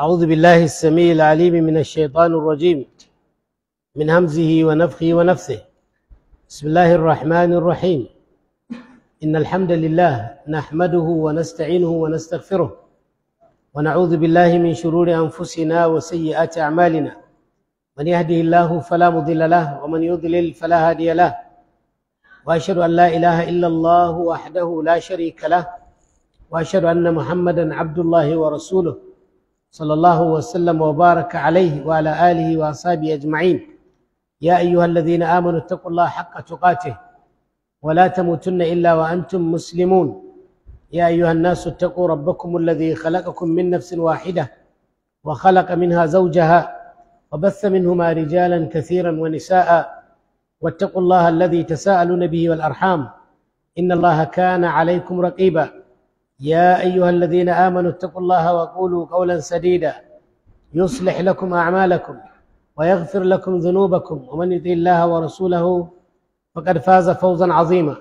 أعوذ بالله السميع العليم من الشيطان الرجيم من همزه ونفخه ونفسه بسم الله الرحمن الرحيم إن الحمد لله نحمده ونستعينه ونستغفره ونعوذ بالله من شرور أنفسنا وسيئات أعمالنا من يهده الله فلا مضل له ومن يضلل فلا هادي له وأشهد أن لا إله إلا الله وحده لا شريك له وأشهد أن محمدا عبد الله ورسوله صلى الله وسلم وبارك عليه وعلى آله وأصحابه أجمعين يا أيها الذين آمنوا اتقوا الله حق تقاته ولا تموتن إلا وأنتم مسلمون يا أيها الناس اتقوا ربكم الذي خلقكم من نفس واحدة وخلق منها زوجها وبث منهما رجالا كثيرا ونساء واتقوا الله الذي تساءلون به والأرحام إن الله كان عليكم رقيبا يا أيها الذين آمنوا اتقوا الله وقولوا قولا سديدا يصلح لكم أعمالكم ويغفر لكم ذنوبكم ومن يطع الله ورسوله فقد فاز فوزا عظيما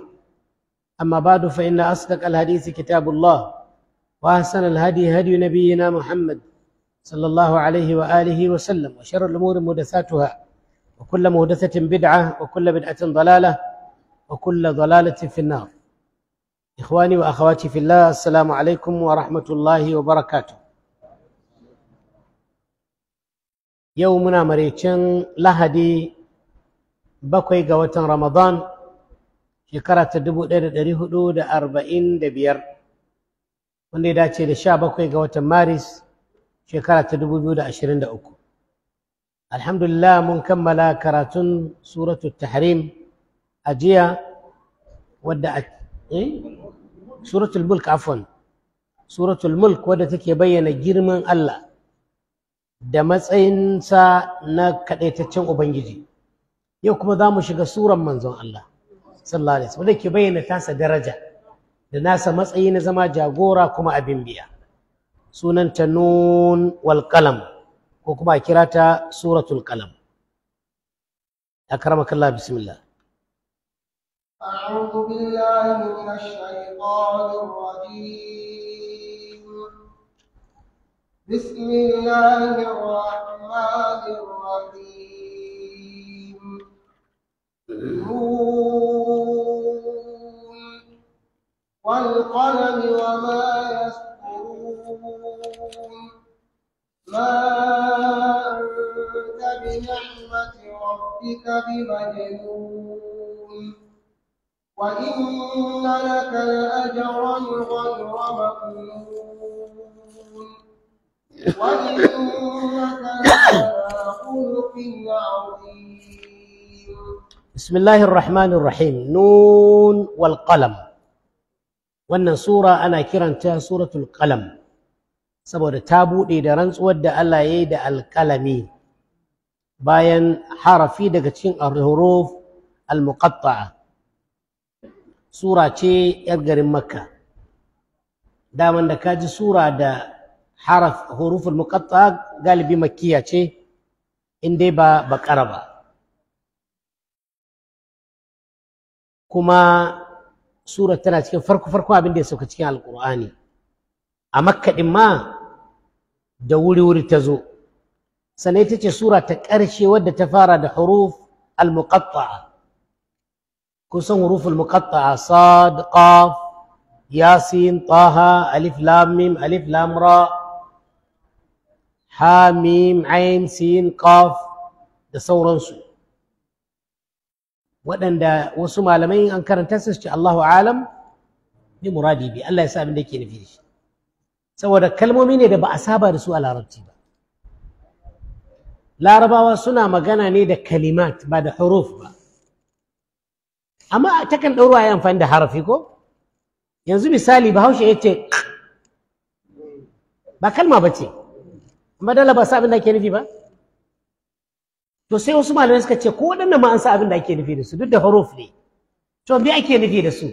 أما بعد فإن أصدق الحديث كتاب الله وأحسن الهدي هدي نبينا محمد صلى الله عليه وآله وسلم وشر الأمور محدثاتها وكل محدثة بدعة وكل بدعة ضلالة وكل ضلالة في النار إخواني وأخواتي في الله السلام عليكم ورحمة الله وبركاته يومنا مريتشن لهدي بقي قوة رمضان شكرة تدبو دير داري حدود أربعين دبير وندي داتي لشا بقي قوة مارس شكرة تدبو بيود أشرين دأكو الحمد لله من كمل كراتون سورة التحريم أجيا ودأت إيه؟ suratul mulk Afon, suratul mulk wadda take bayyana girman Allah da matsayinsa na kaɗaitaccen ubangiji yau kuma za mu shiga suran manzon Allah sallallahu alaihi wasallam ke bayyana tasa daraja da nasa matsayi na zama jagora kuma abin biya sunanta nun wal ko kuma a kirata ta suratul qalam akramakallah bismillah أعوذ بالله من الشيطان الرجيم بسم الله الرحمن الرحيم نون والقلم وما يسطرون ما أنت بنعمة ربك بمجنون وإن لك لأجرا غير مكنون وإنك لعلى خلق عظيم بسم الله الرحمن الرحيم نون والقلم wannan sura ana kiranta suratul qalam saboda ta buɗe da rantsuwar da Allah ya yi da alƙalami bayan harafi daga cikin al-huruf al-muqatta'a sura ce 'yar garin makka daman da ka ji sura da haraf hurufin muqatta galibi Makiya ce in dai ba bakara ba kuma sura tana cikin farko farko abinda da ya sauka cikin alkur'ani a makka ɗin ma da wuri wuri ta zo sannan ita ce sura ta ƙarshe wadda ta fara da huruf al-muqatta'a kusan huruful muqatta'a sad qaf yasin taha alif lam mim alif lam ra ha mim ain sin qaf da sauransu waɗanda wasu malamai an karanta su ce Allahu alam bi muradi bi Allah ya sa abin da yake nufi shi saboda kalmomi ne da ba a saba da su a larabci ba larabawa suna magana ne da kalimat ba da huruf ba amma takan ɗaura ya amfani da harafi ko yanzu misali bahaushe ya ce ba kalma ba ce amma dala ba sa abin da ake nufi ba to sai wasu malamai suka ce ko waɗannan ma an sa abin da ake nufi da su duk da haruf ne to me ake nufi da su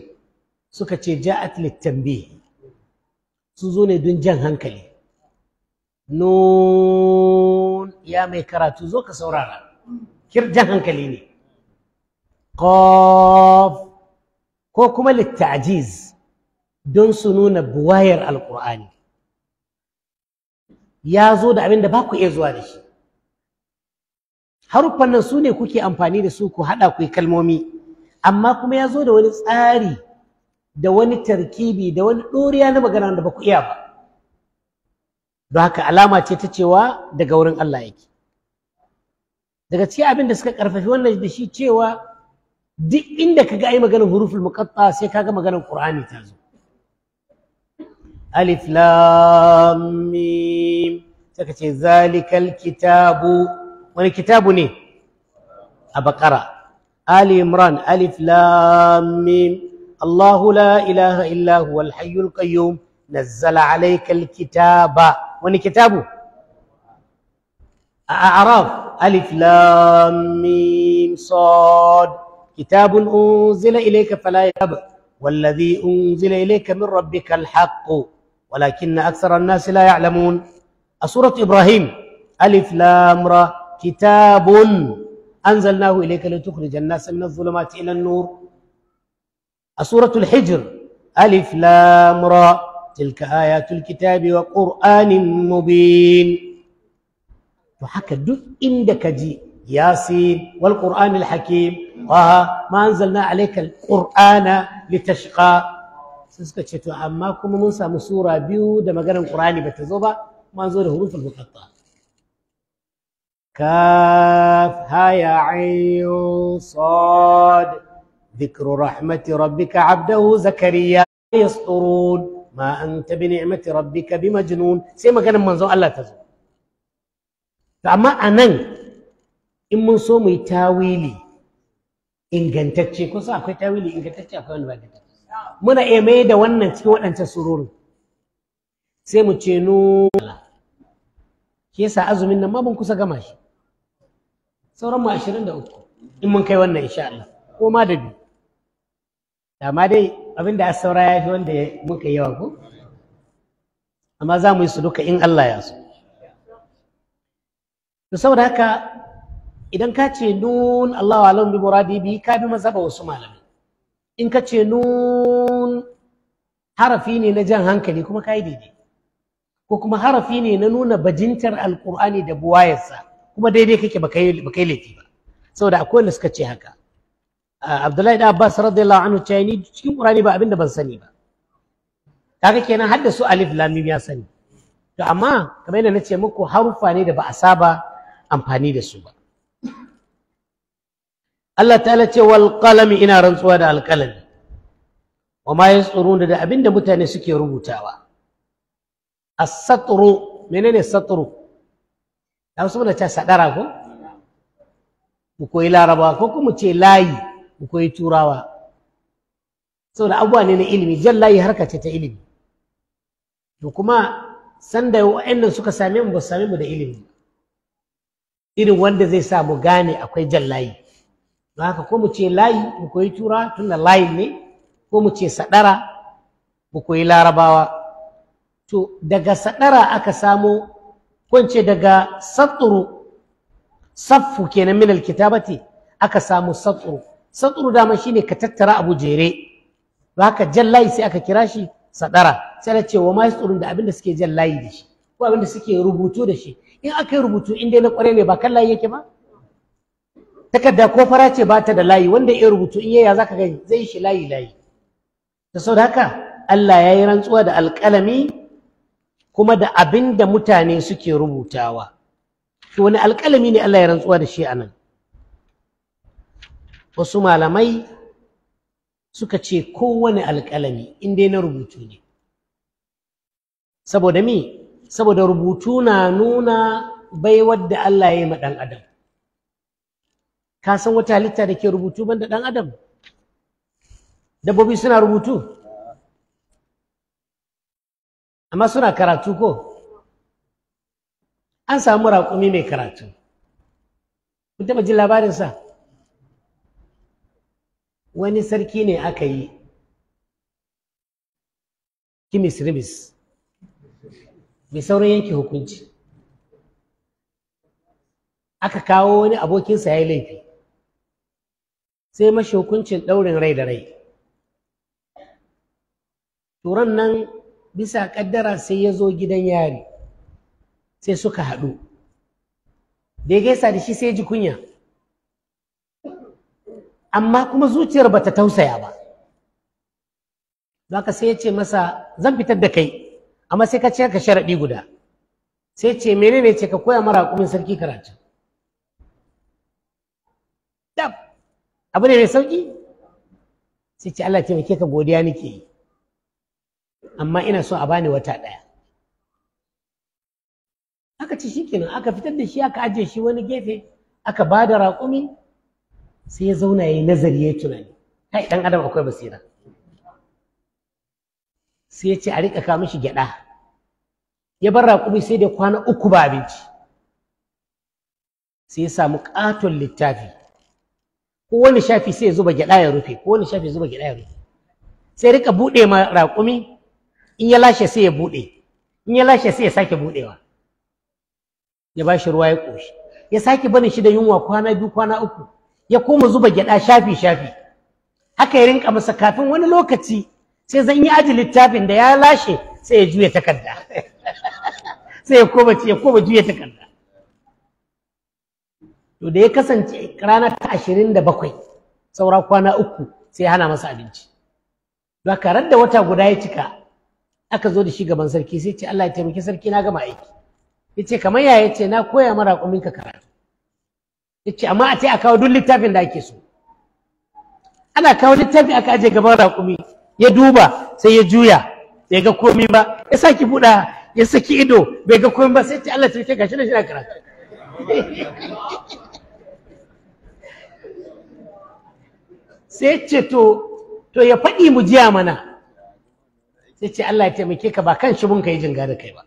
suka ce ja'at litanbih sun zo ne don jan hankali nun ya mai karatu zo ka saurara kir jan hankali ne qaf ko kuma littajiz don su nuna buwayar Alƙur'ani ya zo da abin da ba ku iya zuwa da shi haruffan nan su ne kuke amfani da su ku haɗa ku yi kalmomi amma kuma ya zo da wani tsari da wani tarkibi da wani ɗoriya na magana da ba ku iya ba don haka alama ce ta cewa daga wurin Allah yake daga cikin abin da suka ƙarfafi wannan da shi cewa duk inda kaga ai maganar huruful muqatta sai kaga maganar qur'ani ta zo alif lam mim saka ce zalikal wani kitabu ne a baqara ali imran alif lam mim la ilaha illa huwal hayyul qayyum nazzala alayka alkitaba wani kitabu a araf alif lam كتاب أنزل إليك فلا يكذب والذي أنزل إليك من ربك الحق ولكن أكثر الناس لا يعلمون سورة إبراهيم ألف لام را كتاب أنزلناه إليك لتخرج الناس من الظلمات إلى النور سورة الحجر ألف لام را تلك آيات الكتاب وقرآن مبين وحكى دو إن جي ياسين والقرآن الحكيم طه آه، ما أنزلنا عليك القرآن لتشقى سكتشتو عماكم منسى مسورة بيو دما قال القرآن بتزوبا ما أنزل حروف المقطعة كاف ها يا عين صاد ذكر رحمة ربك عبده زكريا يسطرون ما أنت بنعمة ربك بمجنون سيما كان منظور الله تزور فأما أنن in mun so mu yi tawili ingantacce kun san akwai tawili ingantacce akwai wani ba muna iya mai da wannan cikin waɗancan sururin. sai mu ce nu shi yasa azumin nan ma kusa gama shi sauran mu ashirin da uku in mun kai wannan insha Allah ko ma da biyu ma dai abin da saura ya fi wanda muka yi yawa ko amma za mu yi su duka in Allah ya so to saboda haka idan ka ce nun Allahu alam bi muradi bi ka bi mazhaba wasu malami in ka ce nun harafi ne na jan hankali kuma ka yi daidai ko kuma harafi ne na nuna bajintar alkur'ani da buwayarsa kuma daidai kake ba kai laifi ba saboda akwai wanda suka ce haka abdullahi da abbas radiyallahu anhu ce ni cikin qur'ani ba abin da ban sani ba kaga kenan har da su alif lam mim ya sani to amma kamar yadda nace muku harufa ne da ba a saba amfani da su ba Allah ta'ala ce wal qalami ina rantsuwa da alqalami wa ma yasturun da abinda mutane suke rubutawa as-satru menene satru da wasu muna sadara ko mu koyi larabawa ko kuma ce layi mu koyi turawa saboda abuwa ne na ilimi jan layi harka ce ta ilimi to kuma sanda wa'annan suka same mu ba same mu da ilimi irin wanda zai sa mu gane akwai jan layi don ka ko mu ce layi mu koyi tura tunda layi ne ko mu ce sadara mu koyi larabawa to daga sadara aka samo ko daga satsuru saffu kenan min alkitabati aka samu satsuru satsuru dama shine ka tattara abu jere Ba ka jan layi sai aka kira shi sadara sai da ce wa ma yasturun da abin suke jan layi da shi ko abinda suke rubutu da shi in aka yi rubutu in dai na kware ne ba kan layi yake ba takarda ko fara ce ba ta da layi wanda ya rubutu in yaya zaka gani zai shi layi layi da haka Allah ya yi rantsuwa da alƙalami kuma da abin da mutane suke rubutawa to wani alƙalami ne Allah ya rantsuwa da shi anan wasu malamai suka ce ko kowane alƙalami in dai na rubutu ne saboda mi saboda rubutu na nuna baiwar da Allah ya yi ma ɗan adam ka san wata halitta da ke rubutu banda ɗan adam dabbobi suna rubutu amma suna karatu ko an samu raƙumi mai karatu kun taɓa jin labarinsa wani sarki ne aka yi kimis ribis mai sauran yanke hukunci aka kawo wani abokinsa ya yi laifi sai mashi hukuncin ɗaurin rai da rai turan nan bisa ƙaddara sai ya zo gidan yari sai suka haɗu da ya gaisa da shi sai ji kunya amma kuma zuciyar ba ta tausaya ba zaka sai ya ce masa zan fitar da kai amma sai ka ce ka sharaɗi guda sai ce menene ce ka koya mara hukumin sarki karatu abu ne mai sauƙi sai ce Allah taimake ka godiya nake yi amma ina so a bani wata ɗaya aka ci shikenan aka fitar da shi aka ajiye shi wani gefe aka ba da raƙumi sai ya zauna ya yi nazari ya tunani kai ɗan adam akwai basira sai ya ce a riƙa kawo mishi gyaɗa ya bar raƙumi sai da kwana uku ba abinci sai ya samu ƙaton littafi ko wani shafi sai ya zuba gyada ya rufe ko wani shafi zuba gyada ya rufe sai rika bude ma raƙumi in ya lashe sai ya bude in ya lashe sai ya sake budewa ya bashi ruwa ya koshi ya sake barin shi da yunwa kwana biyu kwana uku ya koma zuba gyada shafi shafi haka ya rinka masa kafin wani lokaci sai zan yi aji littafin da ya lashe sai ya juya takarda sai ya koma ya koma juya takarda to da ya kasance rana ta ashirin da bakwai saura kwana uku sai hana masa abinci don karar da wata guda ya cika aka zo da shi gaban sarki sai ce Allah ya taimaki sarki na gama aiki ya ce kamar ya ce na koya mara ka karatu ya ce amma a ce a kawo duk littafin da ake so ana kawo littafi aka aje gaban raƙumi ya duba sai ya juya ya ga komi ba ya saki buɗa ya saki ido bai ga komi ba sai ce Allah ya taimake gashi da shi na karatu sai ce to to ya faɗi mu jiya mana sai ce Allah ya taimake ka ba kan shi ka yi jinga da kai ba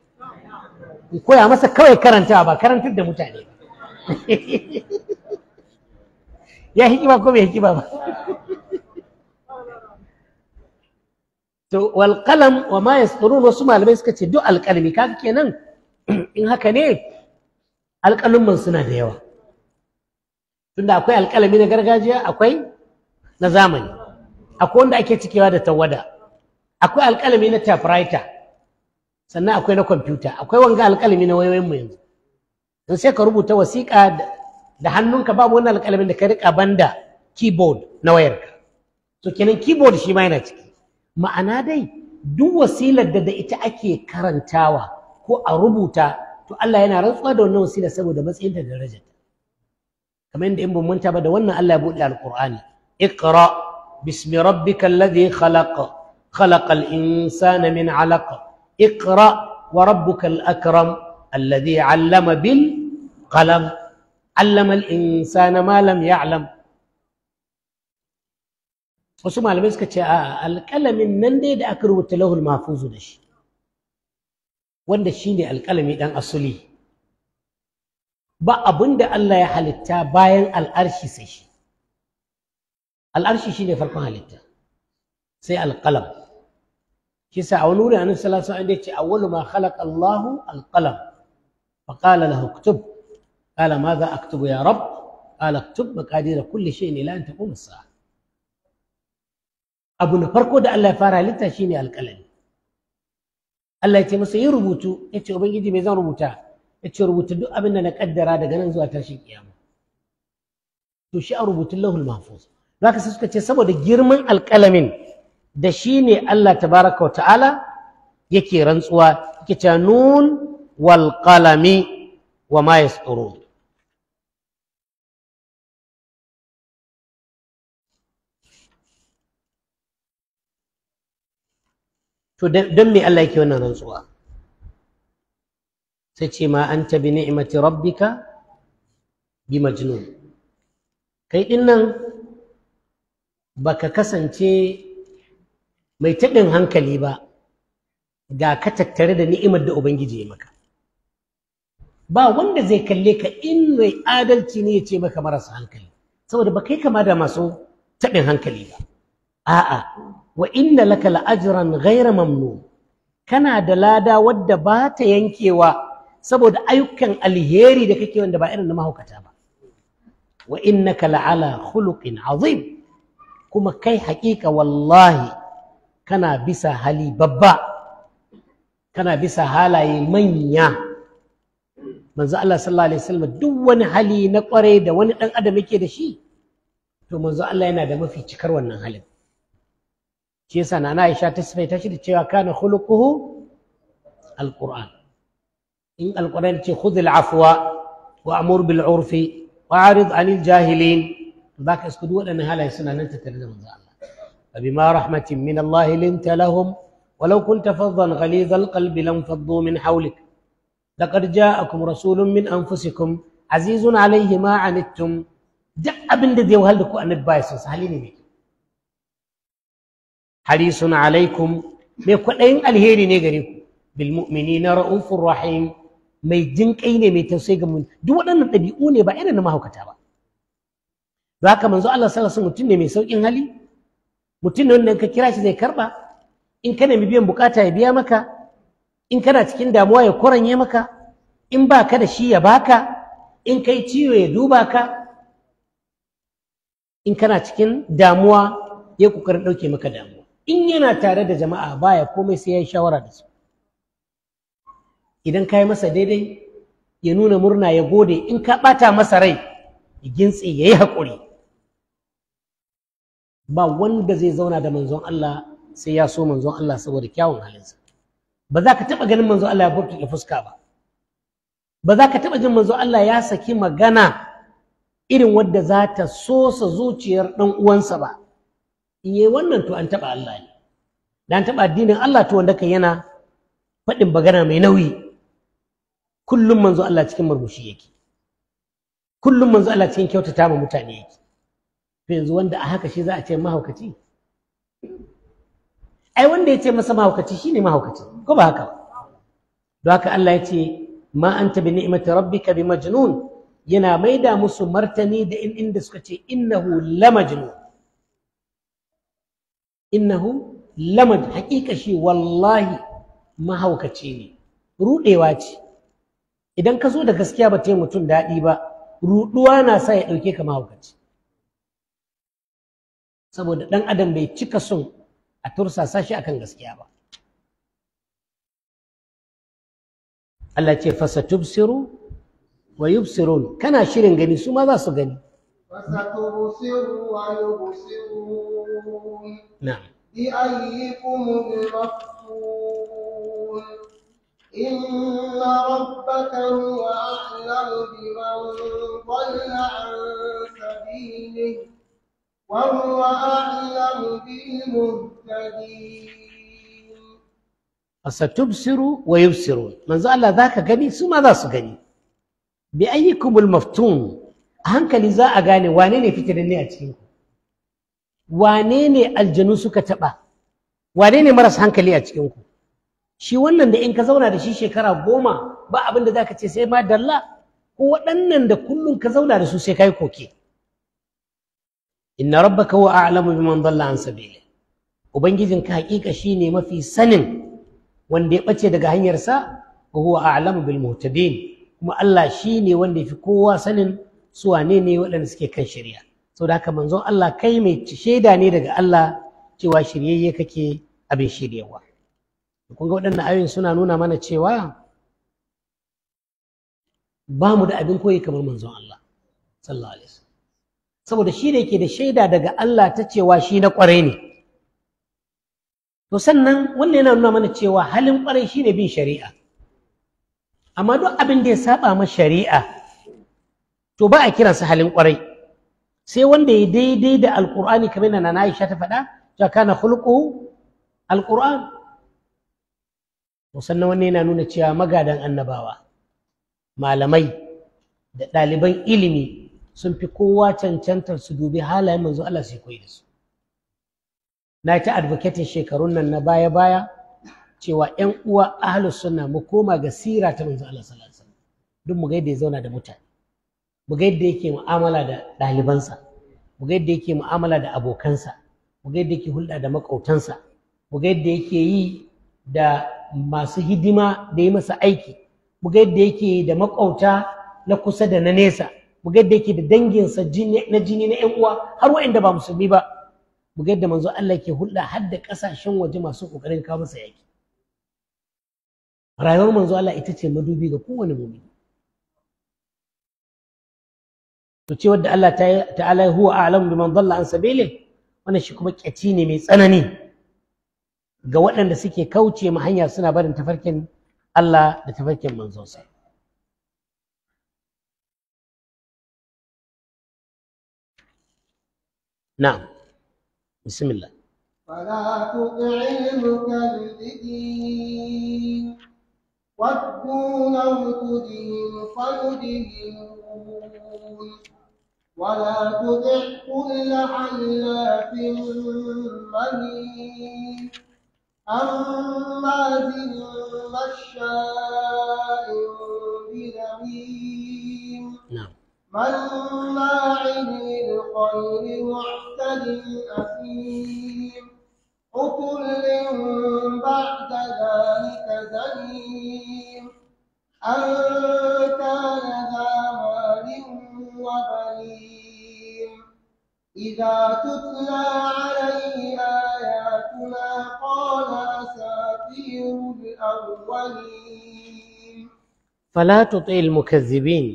in koya masa kawai karantawa ba karantar da mutane ya hikima ko bai hikima ba to wal qalam wa ma yasturun wasu malamai suka ce duk alƙalmi kaga kenan in haka ne alƙalumman suna da yawa tunda akwai alƙalami na gargajiya akwai na zamani akwai wanda ake cikewa da tawada akwai alƙalami na typewriter sannan akwai na kwamfuta akwai wanga alƙalami na wayoyin mu yanzu in sai ka rubuta wasiƙa da hannunka babu wani alƙalamin da ka riƙa banda keyboard na wayarka to kenan keyboard shi ma yana ciki ma'ana dai duk wasilar da da ita ake karantawa ko a rubuta to Allah yana rantsuwa da wannan wasila saboda matsayinta da darajarta kamar yadda in ban manta ba da wannan Allah ya buɗe alƙur'ani اقرا باسم ربك الذي خلق خلق الانسان من علق اقرا وربك الاكرم الذي علم بالقلم علم الانسان ما لم يعلم وسمع لمسك آه، آه، الكلم النندد اكرم له المحفوظ دش وندشيني الكلم يدان اصلي ba abin da Allah ya halitta al'arshi shi ne farkon halitta sai alƙalam shi sa a wani wuri annabi sallallahu alaihi wasallam ce awwalu ma khalaqa Allahu alqalam fa qala lahu uktub qala madha aktubu ya rabb qala uktub maqadir kulli shay'in ila an taqum as-sa'a abu na farko da Allah ya fara halitta shine alƙalami Allah ya ce masa yi rubutu ya ce ubangiji mai zan rubuta ya ce rubuta duk abin da na kaddara daga nan zuwa tashin kiyama to shi a rubutun lahul mahfuz zaka sai suka ce saboda girman alƙalamin da shi ne Allah tabaraka wa ta'ala yake rantsuwa yake cewa nun wal wa ma yasturun to don me Allah yake wannan rantsuwa sai ce ma anta bi ni'mati rabbika bi majnun kai din nan baka kasance mai taɗin hankali ba ga ka tattare da ni'imar da ubangiji ya maka ba wanda zai kalle ka in mai adalci ne ya ce maka marasa hankali saboda ba kai kama da masu taɗin hankali ba a'a wa inna laka la'ajiran gaira mamnu? kana da lada wadda ba ta yankewa saboda ayyukan alheri da kake wanda ba irin na mahaukata ba wa innaka la'ala khuluqin azim kuma kai haƙiƙa wallahi kana bisa hali babba kana bisa halaye manya manzo Allah sallallahu alaihi wasallam duk wani hali na kware da wani dan adam yake da shi to manzo Allah yana da mafi cikar wannan halin shi yasa nana Aisha ta sifaita shi da cewa kana khuluquhu alquran in alquran ce khudh alafwa wa amur bil urfi wa arid anil jahilin to za ka isku duk waɗannan halaye suna nan tattare da manzo Allah fa bima rahmatin min Allah linta lahum walau kunta faddan ghalizal qalbi lam faddu min hawlik laqad ja'akum rasulun min anfusikum azizun alayhi ma anittum duk abin da zai wahal da ku annabi baya sun hali ne harisun alaikum mai kwaɗayin alheri ne gare ku bil mu'minina ra'ufur mai jinƙai ne mai tausayi ga mu duk waɗannan ɗabi'u ne ba irin na mahaukata ba za ka manzo Allah sallallahu alaihi mutum ne mai saukin hali mutum ne wanda ka kira shi zai karba in ka nemi biyan bukata ya biya maka in kana cikin damuwa ya koranye maka in ba ka da shi ya baka in kai ciwo ya duba ka in kana cikin damuwa ya kokarin ɗauke maka damuwa in yana tare da jama'a baya komai sai ya yi shawara da su idan ka yi masa daidai ya nuna murna ya gode in ka ɓata masa rai ya gintse ya yi haƙuri ba wanda zai zauna da manzon Allah sai ya so manzon Allah saboda kyawun halinsa ba za ka taɓa ganin manzon Allah ya da fuska ba ba za ka taɓa jin manzon Allah ya saki magana irin wadda za ta sosa zuciyar ɗan uwansa ba in yi wannan to an taɓa Allah ne da an taɓa addinin Allah to wanda kai yana faɗin magana mai nauyi kullum manzon Allah cikin murmushi yake kullum manzon Allah cikin kyautata ma mutane yake yanzu wanda a haka shi za a ce mahaukaci ai wanda ya ce masa mahaukaci shine mahaukaci ko ba haka don haka Allah ya ce ma anta bi ni'mati rabbika bi majnun yana maida musu martani da in inda suka ce innahu la majnun innahu la majnun hakika shi wallahi mahaukaci ne rudewa ce idan ka zo da gaskiya ba ta yi mutum daɗi ba ruɗuwa na sa ya ɗauke ka mahaukaci saboda ɗan adam bai cika son a tursasa shi akan gaskiya ba Allah ce tubsiru wa yubsirun kana shirin gani su ma za su gani فستبصر إن ربك هو أعلم بمن ضل عن سبيله وهو أعلم بالمهتدين فستبصر ويبصرون من زال ذاك غني ثم ذا غني بأيكم المفتون hankali za a gane wane ne a cikinku wane aljanu suka taɓa wane ne maras hankali a cikinku shi wannan da in ka zauna da shi shekara goma ba abin da za ka ce sai ma dalla ko waɗannan da kullum ka zauna da su sai ka yi koke inna rabbaka wa a'lamu biman dalla an sabili ka hakika shine mafi sanin wanda ya bace daga hanyarsa wa huwa a'lamu bil muhtadin kuma Allah shine wanda yafi kowa sanin su wane ne waɗanda suke kan shari'a saboda haka manzon Allah kai mai shaida ne daga Allah cewa shiryayye kake abin shiryawa kun ga waɗannan ayoyin suna nuna mana cewa ba mu da abin koyi kamar manzon Allah sallallahu alaihi saboda shi ne ke da shaida daga Allah ta cewa shi na ƙwarai ne to sannan wannan yana nuna mana cewa halin ƙwarai shi ne bin shari'a amma duk abin da ya saba ma shari'a to ba a kiransa halin ƙwarai sai wanda ya daidai da alƙur'ani kamar yana na Aisha ta faɗa ta kana khulquhu alƙur'an to sannan wannan yana nuna cewa magadan annabawa malamai da ɗaliban ilimi sun fi kowa cancantar su dubi halayen manzo Allah sai koyi da su na ta advocating shekarun nan na baya baya cewa ƴan uwa ahlus sunna mu koma ga sira ta manzo Allah sallallahu alaihi wasallam duk mu ga yadda ya zauna da mutane mu ga yadda yake mu'amala da ɗalibansa mu ga yadda yake mu'amala da abokansa mu ga yadda yake hulɗa da maƙautansa mu ga yadda yake yi da masu hidima da yi masa aiki mu ga yadda yake da maƙauta na kusa da na nesa mu ga yadda yake da danginsa na jini na 'yan uwa har wa'anda ba musulmi ba mu ga yadda manzo Allah ke hulɗa har da ƙasashen waje masu ƙoƙarin kawo masa yaƙi rayuwar manzo Allah ita ce madubi ga kowane mumini to ce wadda Allah ta'ala huwa a'lamu biman dalla an sabili wannan shi kuma kyaci ne mai tsanani ga waɗanda suke kauce ma hanya suna barin tafarkin Allah da tafarkin manzonsa نعم بسم الله فلا تطع المكذبين ودوا لو تدين فيدينون ولا تطع كل حلاف مهين ذي مشاء بنميم مناع للخير معتد أثيم عتل بعد ذلك زنيم أن كان ذا مال وبنين إذا تتلى عليه آياتنا قال أساطير الأولين فلا تطع المكذبين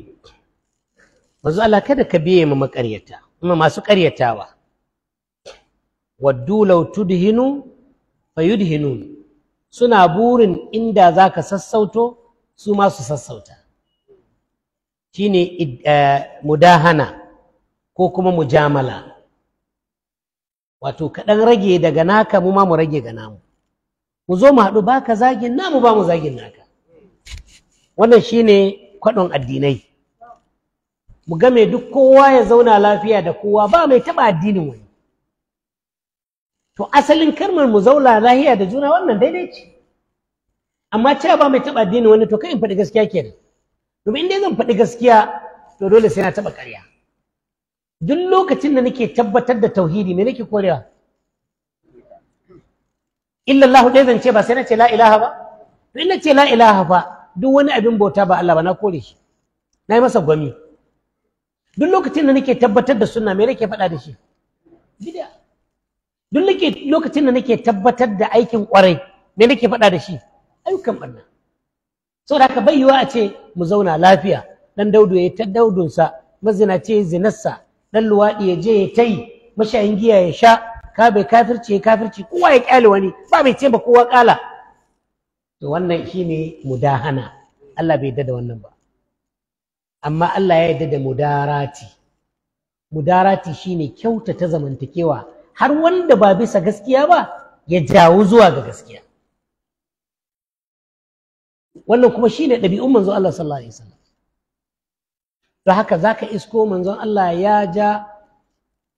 manzo Allah kada ka biye mu makaryata kuma masu karyatawa waddu law tudhinu fayudhinun suna burin inda zaka sassauto su ma su sassauta shine eh, mudahana ko kuma mujamala wato kaɗan rage daga naka mu ma mu rage ga namu mu zo mu haɗu ba ka zagin namu ba mu zagin naka wannan shine kwaɗon addinai mu game duk kowa ya zauna lafiya da kowa ba mai taɓa addinin wani to asalin karmar mu zauna lafiya da juna wannan daidai ce amma cewa ba mai taɓa addinin wani to kai in faɗi gaskiya kenan in dai zan faɗi gaskiya to dole sai na taɓa ƙarya duk lokacin da nake tabbatar da tauhidi me nake korewa Allah dai zan ce ba sai na ce la ilaha ba to in na ce la ilaha fa duk wani abin bauta ba Allah ba na kore shi na yi masa gwami duk lokacin da nake tabbatar da sunna me nake faɗa da shi bid'a duk lokacin da nake tabbatar da aikin kwarai me nake faɗa da shi ayyukan barna saboda haka bai yiwa a ce mu zauna lafiya dan daudu ya ta daudunsa mazina ce zinarsa dan luwaɗi ya je ya ta yi mashayin giya ya sha ka bai kafirci ya kafirci kowa ya kyale wani ba mai ce ba kowa kala to wannan shine mudahana Allah bai yadda da wannan ba amma Allah ya yarda da mudarati mudarati shine kyautata zamantakewa har wanda ba bisa gaskiya ba ya jawo zuwa ga gaskiya wannan kuma shine ɗabi'un manzon Allah sallallahu alaihi wasallam to haka zaka isko manzon Allah ya ja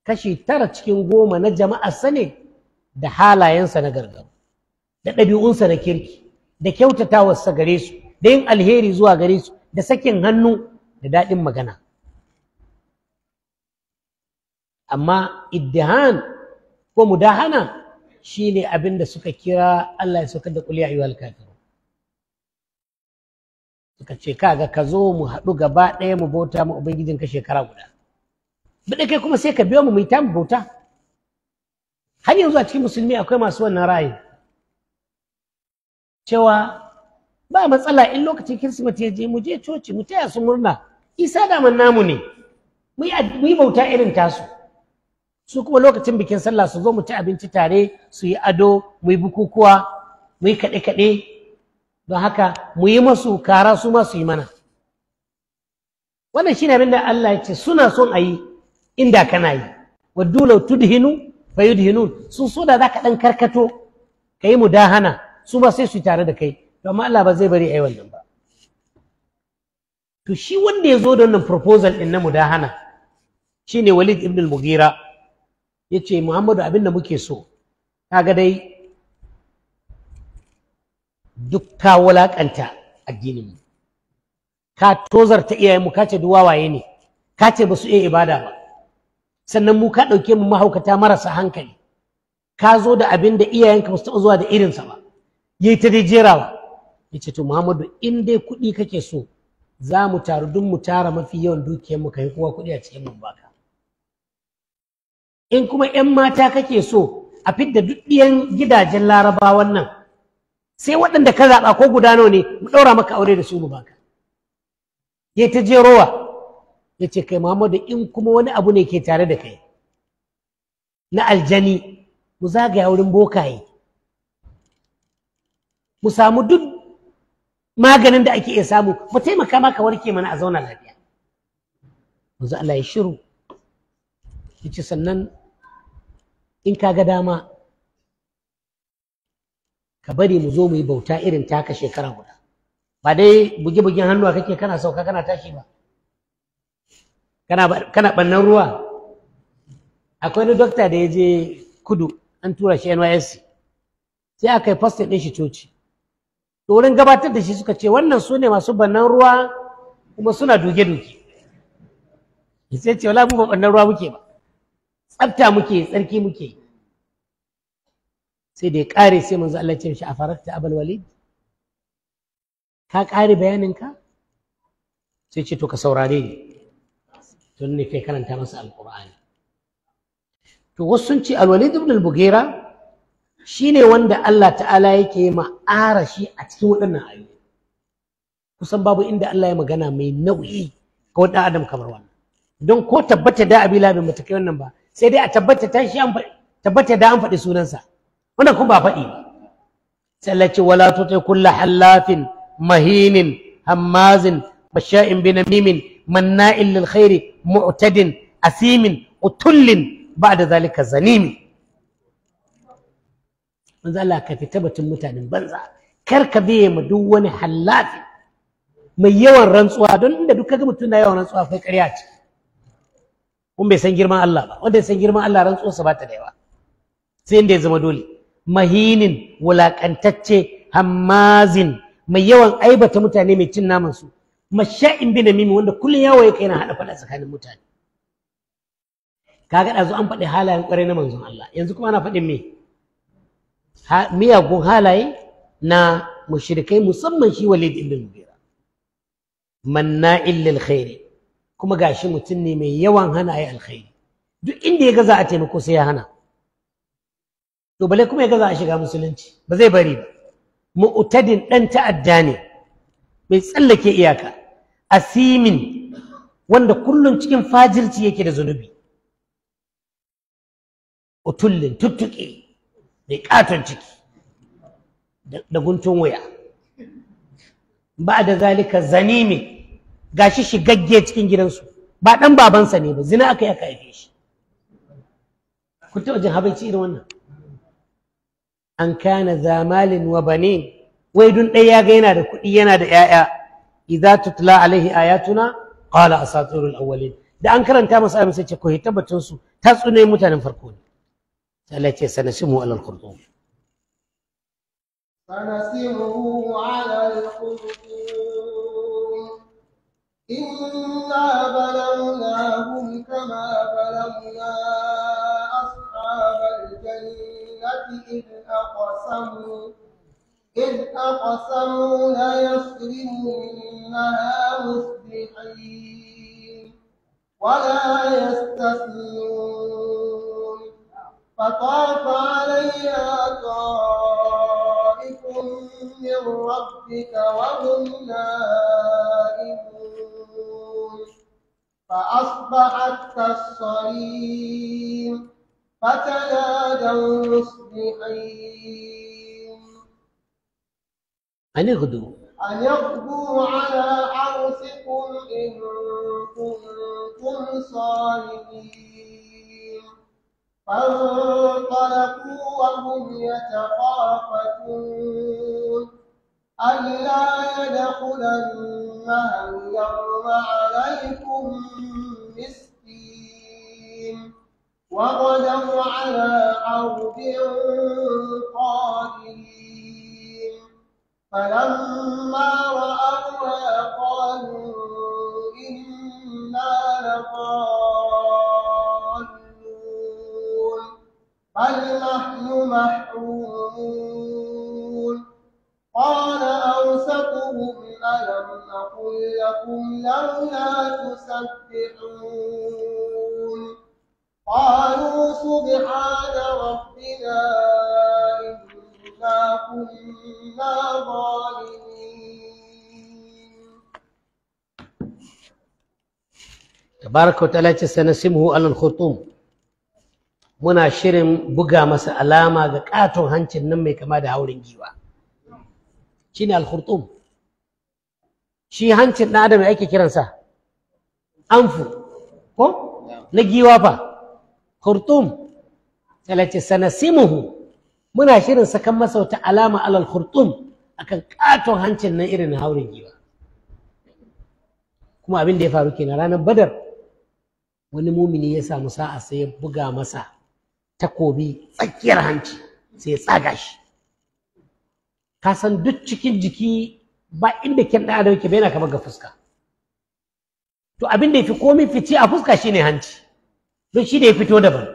kashi tara cikin goma na jama'a sane da halayensa na gargaru da ɗabi'unsa na kirki da kyautatawarsa gare su da yin alheri zuwa gare su da sakin hannu da daɗin magana amma iddihan ko mudahana shine abin da suka kira Allah ya saukar da kuliya yi kafirun suka ce kaga ka zo mu haɗu gaba ɗaya mu bauta mu ubangijin ka shekara guda bude kai kuma sai ka biyo mu mu ta mu bauta har yanzu a cikin musulmi akwai masu wannan ra'ayi cewa ba matsala in lokacin kirsimeti ya je mu je coci mu taya su murna isa daman namu ne mu yi bauta irin tasu su kuma lokacin bikin sallah su zo mu ci abinci tare su yi ado mu yi bukukuwa mu yi kaɗe-kaɗe don haka mu yi masu kara su ma su yi mana wannan shine abin da Allah ya ce suna son a yi inda kana yi wa dulau tudhinu yudhinun sun so da zaka dan karkato kai mudahana su ba sai su tare da kai to amma Allah ba zai bari ai wannan ba to shi wanda ya zo da wannan proposal ɗin na mudahana shine Walid ibn al-Mughira ce Muhammadu abin da muke so kaga dai duk ka wulakanta addinin mu ka tozarta iyayen mu ka ce duwawaye ne ka ce ba su iya ibada ba sannan mu ka ɗauke mu mahaukata marasa hankali ka zo da abinda da iyayenka ba su taɓa zuwa da irinsa ba yayi ta dai jerawa Ya ce to Muhammadu in dai kuɗi kake so za mu taru duk mu tara mafi yawan dukiyarmu ka yi kowa kuɗi a cikin mu baka in kuma 'yan mata kake so a fidda duk ɗiyan gidajen larabawan nan sai waɗanda ka zaɓa ko guda nawa ne mu ɗaura maka aure da su mu baka ya ta je rowa ya ce kai muhammadu in kuma wani abu ne ke tare da kai na aljani mu zagaya wurin bokaye mu samu duk maganin da ake iya samu mu taimaka maka warke mana a zauna lafiya manzo Allah ya shiru yace sannan in ka ga dama ka bari mu zo mu yi bauta irin ta haka shekara guda ba dai buge-bugen hannuwa kake kana sauka kana tashi ba kana kana bannan ruwa akwai wani dokta da ya je kudu an tura shi NYSC sai aka yi fasta ɗin shi coci to wurin gabatar da shi suka ce wannan su ne masu bannan ruwa kuma suna doge-doge sai ce wala mu ba bannan ruwa muke ba tsafta muke tsarki muke sai da ya kare sai manzo Allah ce shi a farata abal walid ka kare bayanin ka sai ce to ka saurare ni tun ne kai karanta masa alqur'ani to wasu sun ce alwalid ibn al bugaira shine wanda Allah ta'ala yake ma'ara shi a cikin waɗannan ayoyi kusan babu inda Allah ya magana mai nauyi ga wani adam kamar wannan don ko tabbata da abila bai mata kai wannan ba sai dai a tabbata ta shi tabbata da an faɗi sunansa wannan kuma ba faɗi sai Allah ce wala tuti mahinin hammazin masha'in binamimin manna'in lil khairi mu'tadin asimin utullin ba'da zalika zanimi manzo Allah ka fita batun mutanen banza kar ka biya ma duk wani hallafi mai yawan rantsuwa don inda duk kaga mutum na yawan rantsuwa kai ƙarya ce kun bai san girman Allah ba wanda ya san girman Allah rantsuwarsa ba ta da yawa sai inda ya zama dole mahinin wulaƙantacce hamazin, mai yawan aibata mutane mai cin naman su masha'in bin mimi wanda kullum yawo yake yana hada faɗa tsakanin mutane kaga ɗazu an faɗi halayen ƙwarai na manzon Allah yanzu kuma ana faɗin me miyagun halaye na mushrikai musamman shi walid ibn mugira manna illal khairi kuma gashi mutum ne mai yawan hana ayi alkhairi duk inda ya gaza a taimako sai ya hana to bale kuma ya gaza a shiga musulunci ba zai bari ba mu'tadin dan ta'adda ne mai tsallake iyaka asimin wanda kullum cikin fajirci yake da zunubi utullin tuttuƙe mai katon ciki da guntun wuya ba da zalika zanimi gashi shigagge cikin gidansu ba dan babansa ne ba zina aka yi aka haife shi ku taɓa jin habaici irin wannan an kana zamalin wa banin wai dun ɗaya ya ga yana da kuɗi yana da 'ya'ya idza tutla alaihi ayatuna qala asatirul awwalin da an karanta masa ayyukan sai ce ko hita su ta tsune mutanen farko ne Allah ce sanasimu alal khurtum sanasimu alal khurtum inna ya kama balawna ashabal jannati id aqsamu إذ أقسموا ليصرمنها مصبحين ولا يستثنون فطاف عليها طائف من ربك وهم نائمون فأصبحت كالصريم فتنادوا مصبحين أن اغدوا أن اغدوا على حرثكم إن كنتم صالحين فانطلقوا وهم يتخافتون ألا يدخلنها اليوم عليكم مسكين وغدوا على حرد قادرين فلما رأوها قالوا إنا لقادرون بل نحن محرومون قال أوسطهم ألم أقل لكم لولا تسبحون قالوا سبحان ربنا إنا كنا ظالمين تبارك وتعالى سنسمه على الخرطوم muna shirin buga masa alama ga katon hancin nan mai kama da haurin giwa shi ne alkhurtum shi hancin ɗan adam ake kiransa anfu ko na giwa fa khurtum talace sanasimuhu muna shirin sakan masa wata alama alal khurtum akan katon hancin nan irin haurin giwa kuma abin da ya faru kenan ranar badar wani mumini ya samu sa'a sai ya buga masa takobi tsakiyar hanci sai ya tsaga shi ka san duk cikin jiki ba inda kin da adam bai yana kamar ga fuska to abin da ya komai fice a fuska shine hanci don shi da ya fito daban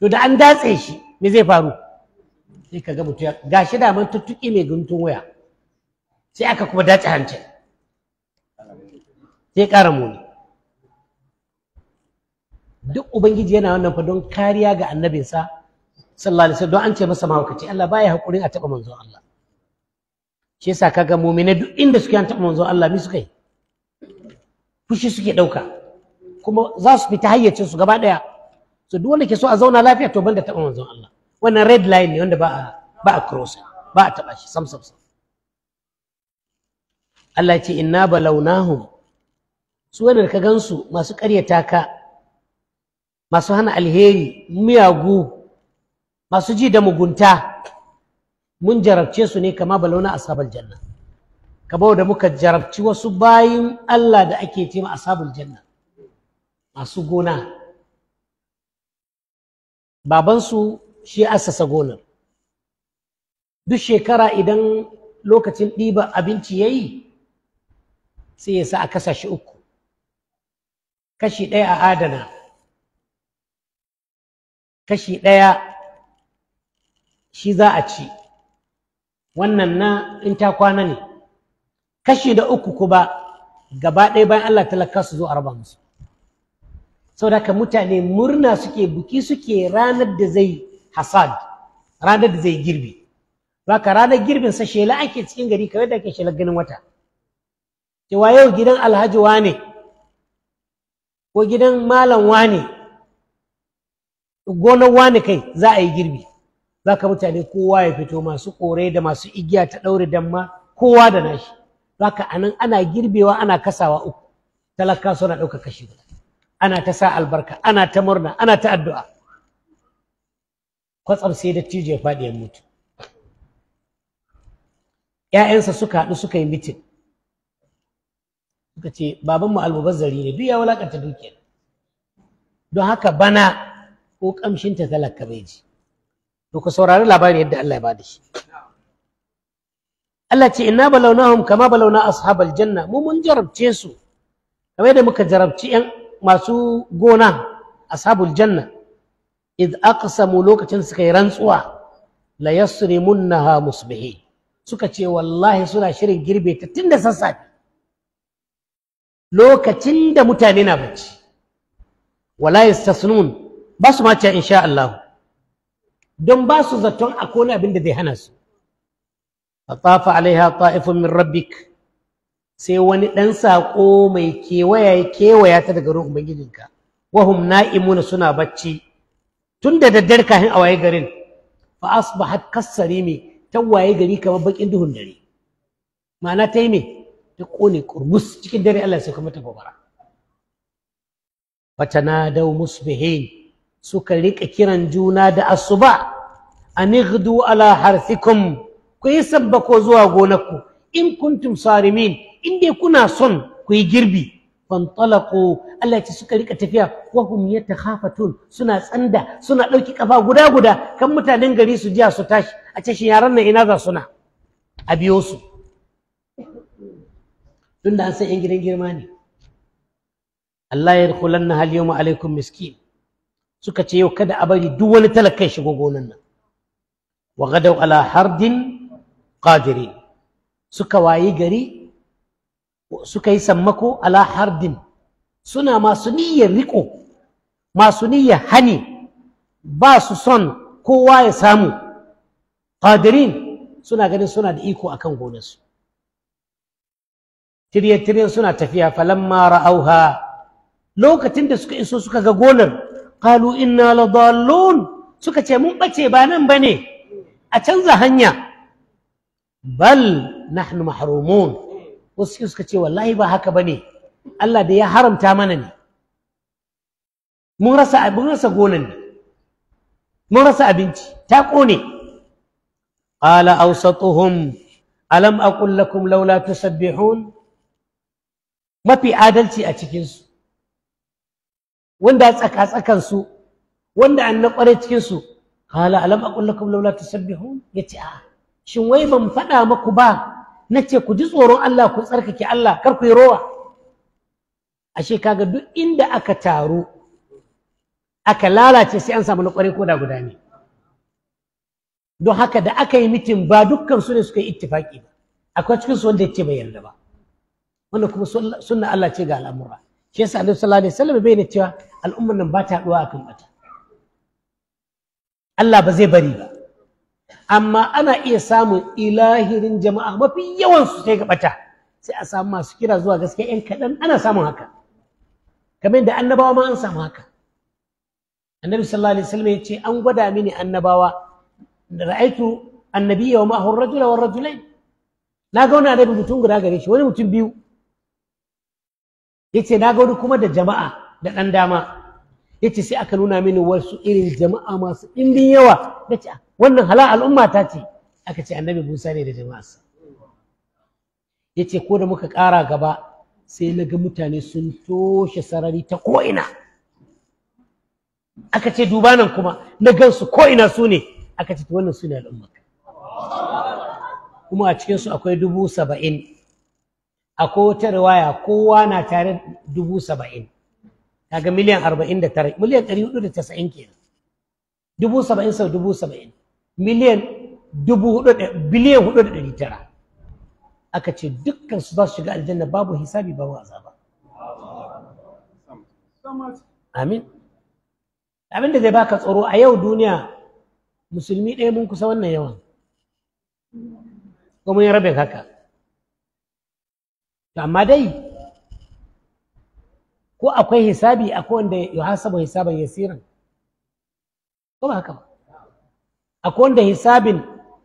to da an datse shi me zai faru sai ka ga mutum gashi da man tuttuki mai guntun waya sai aka kuma dace hanci sai ƙara muni duk ubangiji yana wannan fa don kariya ga annabinsa sallallahu alaihi wasallam don an ce masa mahaukaci Allah baya hakurin a taba manzon Allah shi yasa kaga mu'mina duk inda suke an taba manzon Allah mi suka yi fushi suke dauka kuma za su fita hayyacin su gaba daya so duk wanda ke so a zauna lafiya to banda taba manzon Allah wannan red line ne wanda ba a ba a cross ba a taba shi sam sam sam Allah ya ce inna balawnahum su wanda ka gansu masu ƙaryata ka masu hana alheri miyagu masu ji da mugunta mun jarabce su ne kama balauna ashabal janna kamar da muka jarabci wasu bayin Allah da ake ce ma ashabul janna masu gona babansu shi asasa gonar duk shekara idan lokacin ɗiba abinci ya yi sai ya sa a kasashe uku kashi ɗaya a adana kashi ɗaya shi za a ci wannan na in ta kwana ne kashi da uku kuma gaba ɗaya bayan Allah talaka su zo a raba musu Sau haka mutane murna suke buki suke ranar da zai hasad ranar da zai girbi baka ranar girbin sa shela ake cikin gari kamar da ake shela ganin wata cewa yau gidan alhaji ne? ko gidan malam ne? gonar wani kai za a yi girbi za ka mutane kowa ya fito masu kore da masu igiya ta ɗaure damma kowa da nashi za ka anan ana girbewa ana kasawa uku talaka suna ɗauka kashi ana ta sa albarka ana ta murna ana ta addu'a kwatsam sai da tije ya faɗi ya mutu ‘ya'yansa suka haɗu suka yi mitin suka ce babanmu almubazzari ne duk ya wulaƙanta dukiya don haka bana ko kamshinta talaka bai ji to ku saurari labarin yadda Allah ya bada shi Allah ce inna balawnahum kama balawna ashabal janna mu mun jarabce su kamar da muka jarabci yan masu gona ashabul janna id aqsamu lokacin suka yi rantsuwa la yasrimunnaha musbihi suka ce wallahi suna shirin girbe ta tun da sassafe lokacin da mutane na bacci wala yastasnun ba su mace in sha Allah don ba su zaton a kone abin da zai hana su A tsafa alaiha ta'ifun min rabbik sai wani ɗan saƙo mai kewaya ya kewaya ta daga ruhun ubangijinka wahum na'imuna suna bacci tun da daddare kahin a waye garin fa asbahat kassari me ta waye gari kamar bakin duhun dare Mana ta yi me ta kone kurmus cikin dare Allah sai kuma ta gobara na dau musbihin suka rika kiran juna da asuba an ala harthikum ku yi sabbako zuwa gonarku in kuntum sarimin in dai kuna son ku yi girbi fantalaqu Allah ce suka rika tafiya wa hum yatakhafatun suna tsanda suna ɗauki kafa guda guda kan mutanen gari su jiya su tashi a ce shi yaran nan ina za suna a biyo su tunda an san yan gidan girma ne Allah ya yadkhulanna hal yawma alaikum miskin suka ce yau kada a bari duk wani talakai shigo gonan nan wa gadau ala hardin qadirin suka wayi gari suka yi sammako ala hardin suna masu niyyar riko masu niyyar hani ba su son kowa ya samu qadirin suna ganin suna da iko akan gonarsu tirye-tiryen suna tafiya falamma ra'auha lokacin da suka iso suka ga gonar qalu inna ladallun suka ce mun bace ba nan bane a canza hanya bal nahnu mahrumun wasu suka ce wallahi ba haka bane Allah da ya haramta mana ne mun rasa mun rasa gonan ne mun rasa abinci ta kone qala awsatuhum alam aqul lakum laula tusabbihun mafi adalci a cikinsu wanda tsaka-tsakan su wanda an na kware cikin su kala alam aqul lakum laula tusabbihun yace a shin wai ban faɗa maku ba nace ku ji tsoron Allah ku tsarkake Allah kar ku yi rowa ashe kaga duk inda aka taru aka lalace sai an samu na kware koda guda ne don haka da aka yi mitin ba dukkan su ne suka yi ittifaki ba akwai cikin su wanda yace bai yarda ba wannan kuma sunna Allah ce ga al'amura shi yasa annabi sallallahu alaihi wasallam bai da cewa al'ummar nan ba ta haɗuwa akan bata Allah ba zai bari ba amma ana iya samun ilahirin jama'a mafi yawan su sai ga bata sai a samu masu kira zuwa gaske yan kaɗan ana samun haka kamar da annabawa ma an samu haka annabi sallallahu alaihi wasallam ya ce an gwada mini annabawa ra'aitu annabiyya wa ma'ahu ar-rajula war-rajulain na ga wani annabi mutum guda gare shi wani mutum biyu yace na ga wani kuma da jama'a da ɗan dama yace sai aka nuna mini wasu irin jama'a masu ɗimbin yawa ce wannan hala al'umma ta ce aka ce annabi Musa ne da jama'arsa yace ko da muka ƙara gaba sai na ga mutane sun toshe sarari ta ko'ina aka ce duba nan kuma na gansu ko'ina su ne aka ce wannan su ne al'umma kuma a cikinsu akwai dubu saba'in akwai kowace riwaya kowa na tare dubu saba'in kaga miliyan arba'in da tara miliyan ɗari hudu da tasa'in kenan dubu saba'in sau dubu saba'in miliyan dubu hudu biliyan hudu da ɗari tara aka ce dukkan su za su shiga aljanna babu hisabi babu azaba amin abin da zai baka tsoro a yau duniya musulmi ɗaya mun kusa wannan yawan kuma yin rabin haka to amma dai ko akwai hisabi akwai wanda ya hasaba hisaban yasirin ko ba haka ba akwai wanda hisabin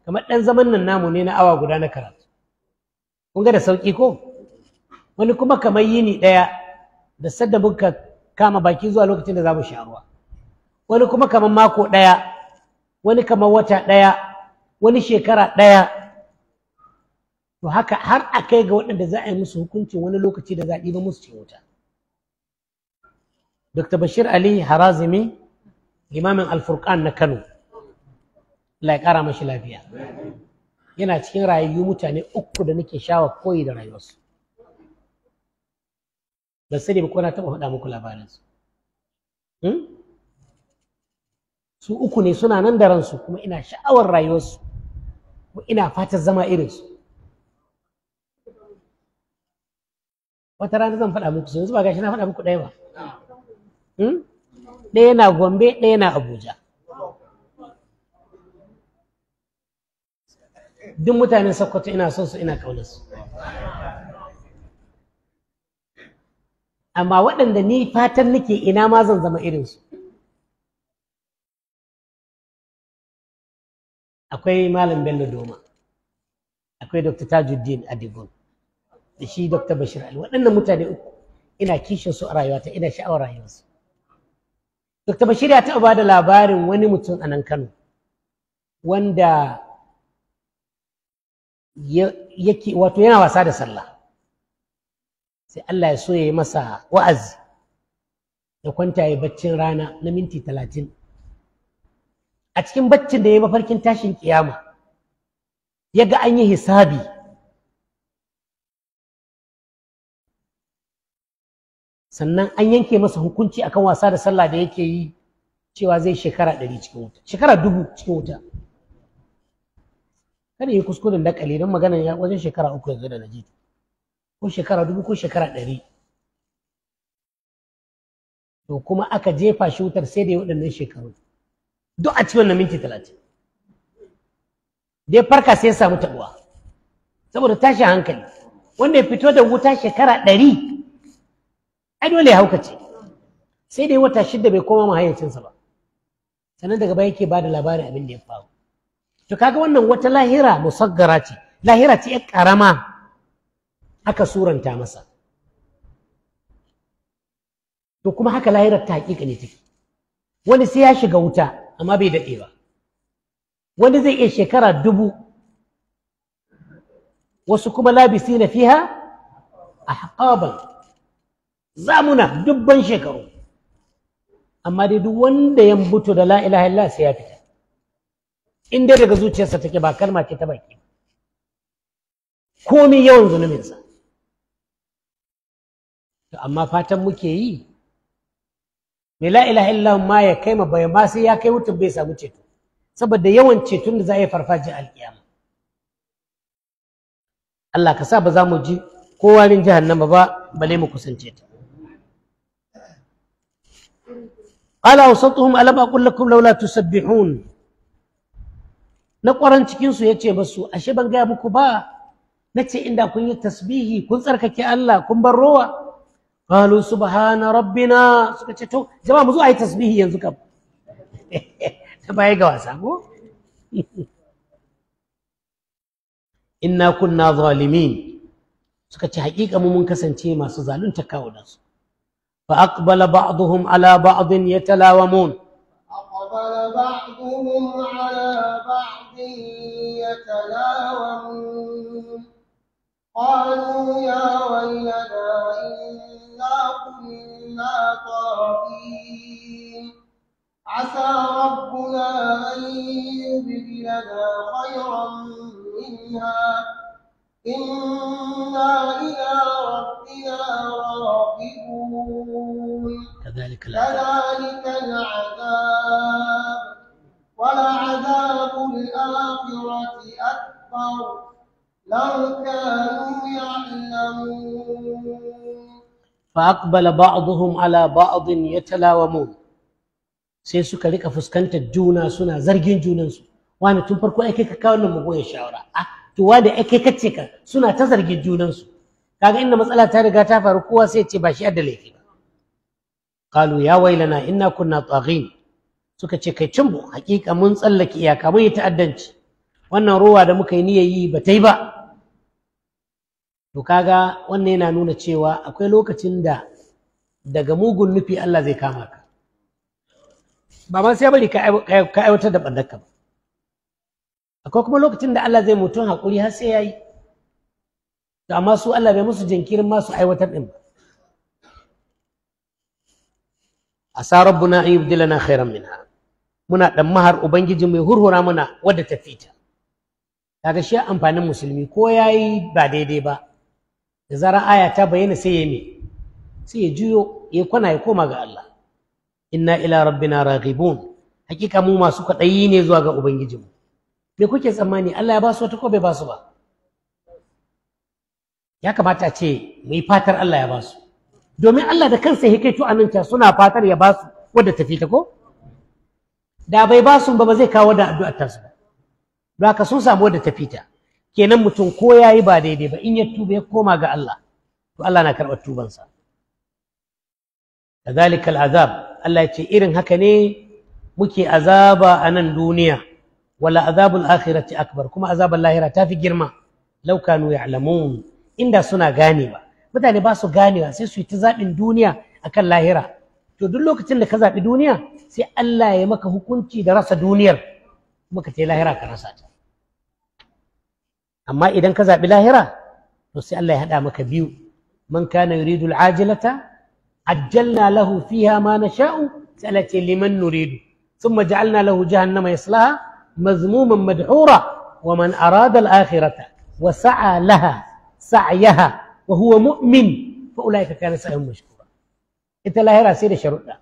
kamar ɗan zaman nan namu ne na awa guda na karatu kun ga da sauƙi ko wani kuma kamar yini ɗaya da sadda muka kama baki zuwa lokacin da za mu sha ruwa wani kuma kamar mako ɗaya wani kamar wata ɗaya wani shekara ɗaya to haka har a kai ga waɗanda za a yi musu hukunci wani lokaci da za a ɗiba musu cin wuta dr bashir ali harazimi limamin alfurkan na kano Allah ya ƙara mashi lafiya yana cikin rayayyu mutane uku da nake shawa koyi da rayuwarsu ba sai ba ko na taɓa faɗa muku labarinsu hmm? su uku ne suna nan da ransu kuma ina sha'awar rayuwarsu kuma ina fatan zama irinsu wata rana zan faɗa muku yanzu ba gashi na faɗa muku ɗaya ba ah. hmm? ɗaya na gombe ɗaya na abuja duk mutanen sokoto ina son su ina kaunar su amma waɗanda ni fatan nake ina ma zan zama irin su, akwai malam bello doma akwai dr tajuddin adigun da shi Dr. Bashir Ali waɗannan mutane uku ina kishin su a rayuwata ina sha'awar rayuwarsu Dr. Bashir ya taɓa ba da labarin wani mutum a nan Kano wanda yake wato yana wasa da sallah sai Allah ya so ya yi masa wa'azi da kwanta ya baccin rana na minti talatin a cikin baccin da ya yi mafarkin tashin kiyama ya ga an yi hisabi sannan an yanke masa hukunci akan wasa da sallah da yake yi cewa zai shekara ɗari cikin wuta shekara dubu cikin wuta kada yi kuskuren da kalilin magana ya wajen shekara uku yanzu da naji ko shekara dubu ko shekara ɗari to kuma aka jefa shi wutar sai da ya waɗannan shekaru duk a cikin minti talatin dai farka sai ya samu taɓuwa saboda tashin hankali wanda ya fito da wuta shekara ɗari ai dole ya haukace sai dai wata shida bai koma mahayyacinsa ba sannan daga baya yake bada labarin abin da ya faru to kaga wannan wata lahira musaggara ce lahira ce yar karama aka suranta masa to kuma haka lahirar ta hakika ne take wani sai ya shiga wuta amma bai daɗe ba wani zai iya shekara dubu wasu kuma labisi na fiha ahqaban zamuna dubban shekaru amma dai duk wanda ya mutu da la ilaha illallah sai ya fita in dai daga zuciyarsa take ba kalma ce ta baki komai yawan zunuminsa. to amma fatan muke yi Me la ilaha illallah ma ya kai ma bai ma sai ya kai wutun bai samu ceto saboda yawan ceton da za a yi farfajin alkiyama Allah ka sa ba za mu ji kowa rin jahannama ba bale mu kusance ta قال أوسطهم ألم أقول لكم لولا تسبحون نقرن cikinsu yace basu ashe ban gaya muku ba nace inda kun yi tasbihi kun tsarkake Allah kun bar rowa qalu subhana rabbina suka ce to jama'a mu zo ayi tasbihi yanzu kam ta baya ga wasa ko inna kunna zalimin suka ce haƙiƙa mu mun kasance masu zalunta kawo da su فأقبل بعضهم على بعض يتلاومون أقبل بعضهم على بعض يتلاومون قالوا يا ويلنا إنا كنا طاغين عسى ربنا أن يبدلنا خيرا منها إنا إلى ربنا راغبون كذلك العذاب ولعذاب الآخرة أكبر لو كانوا يعلمون فأقبل بعضهم على بعض يتلاومون sai suka rika fuskantar juna suna zargin junansu wani tun farko ai kai ka kawo nan mu goye shawara ah tuwa da ake kace ka suna ta zargin junansu kaga inda matsala ta riga ta faru kowa sai ce ba shi adda laifi ba qalu ya wailana inna kunna taghin suka ce kai cin hakika mun tsallake iyaka mun yi ta'addanci wannan ruwa da muka yi niyyar yi ba ta yi ba to kaga wannan yana nuna cewa akwai lokacin da daga mugun nufi Allah zai kama ka ba ma sai bari ka aiwatar da ɓandarka ba akwai kuma lokacin da Allah zai mutum haƙuri har sai yayi to amma su Allah bai musu jinkirin masu aiwatar din ba asa rabbuna an khairan minha muna ɗan mahar ubangiji mai hurhura muna wadda ta fita kaga shi amfanin musulmi ko yayi ba daidai ba da zara aya ta bayyana sai ya me sai ya juyo ya kwana ya koma ga Allah inna ila rabbina raghibun hakika mu masu kwaɗayi ne zuwa ga ubangijinmu me kuke tsammani Allah ya ba su wata ko bai ba su ba ya kamata a ce mu yi fatar Allah ya ba su domin Allah da kansa ya kai ta suna fatar ya ba su wadda tafi ta ko da bai ba su ba ba zai kawo da addu'ar ta su ba don haka sun samu wadda tafi ta kenan mutum ko yayi ba daidai ba in ya tuba ya koma ga Allah to Allah na karɓar tubansa da azab Allah ya ce irin haka ne muke azaba a nan duniya wala azabul akhirati akbar kuma azabar lahira ta fi girma law kanu ya'lamun inda suna ganewa mutane ba su ganewa sai su yi ta zaɓin duniya akan lahira to duk lokacin da ka zaɓi duniya sai Allah ya maka hukunci da rasa duniyar kuma ka ce lahira ka rasa ta amma idan ka zaɓi lahira to sai Allah ya haɗa maka biyu man kana yuridu al'ajilata ajjalna lahu fiha ma nasha'u sai Allah ce liman nuridu thumma ja'alna lahu jahannama yaslaha مذموما مدحورا ومن أراد الآخرة وسعى لها سعيها وهو مؤمن فأولئك كان سعيهم مشكورا أنت لا هي سيدة شرطة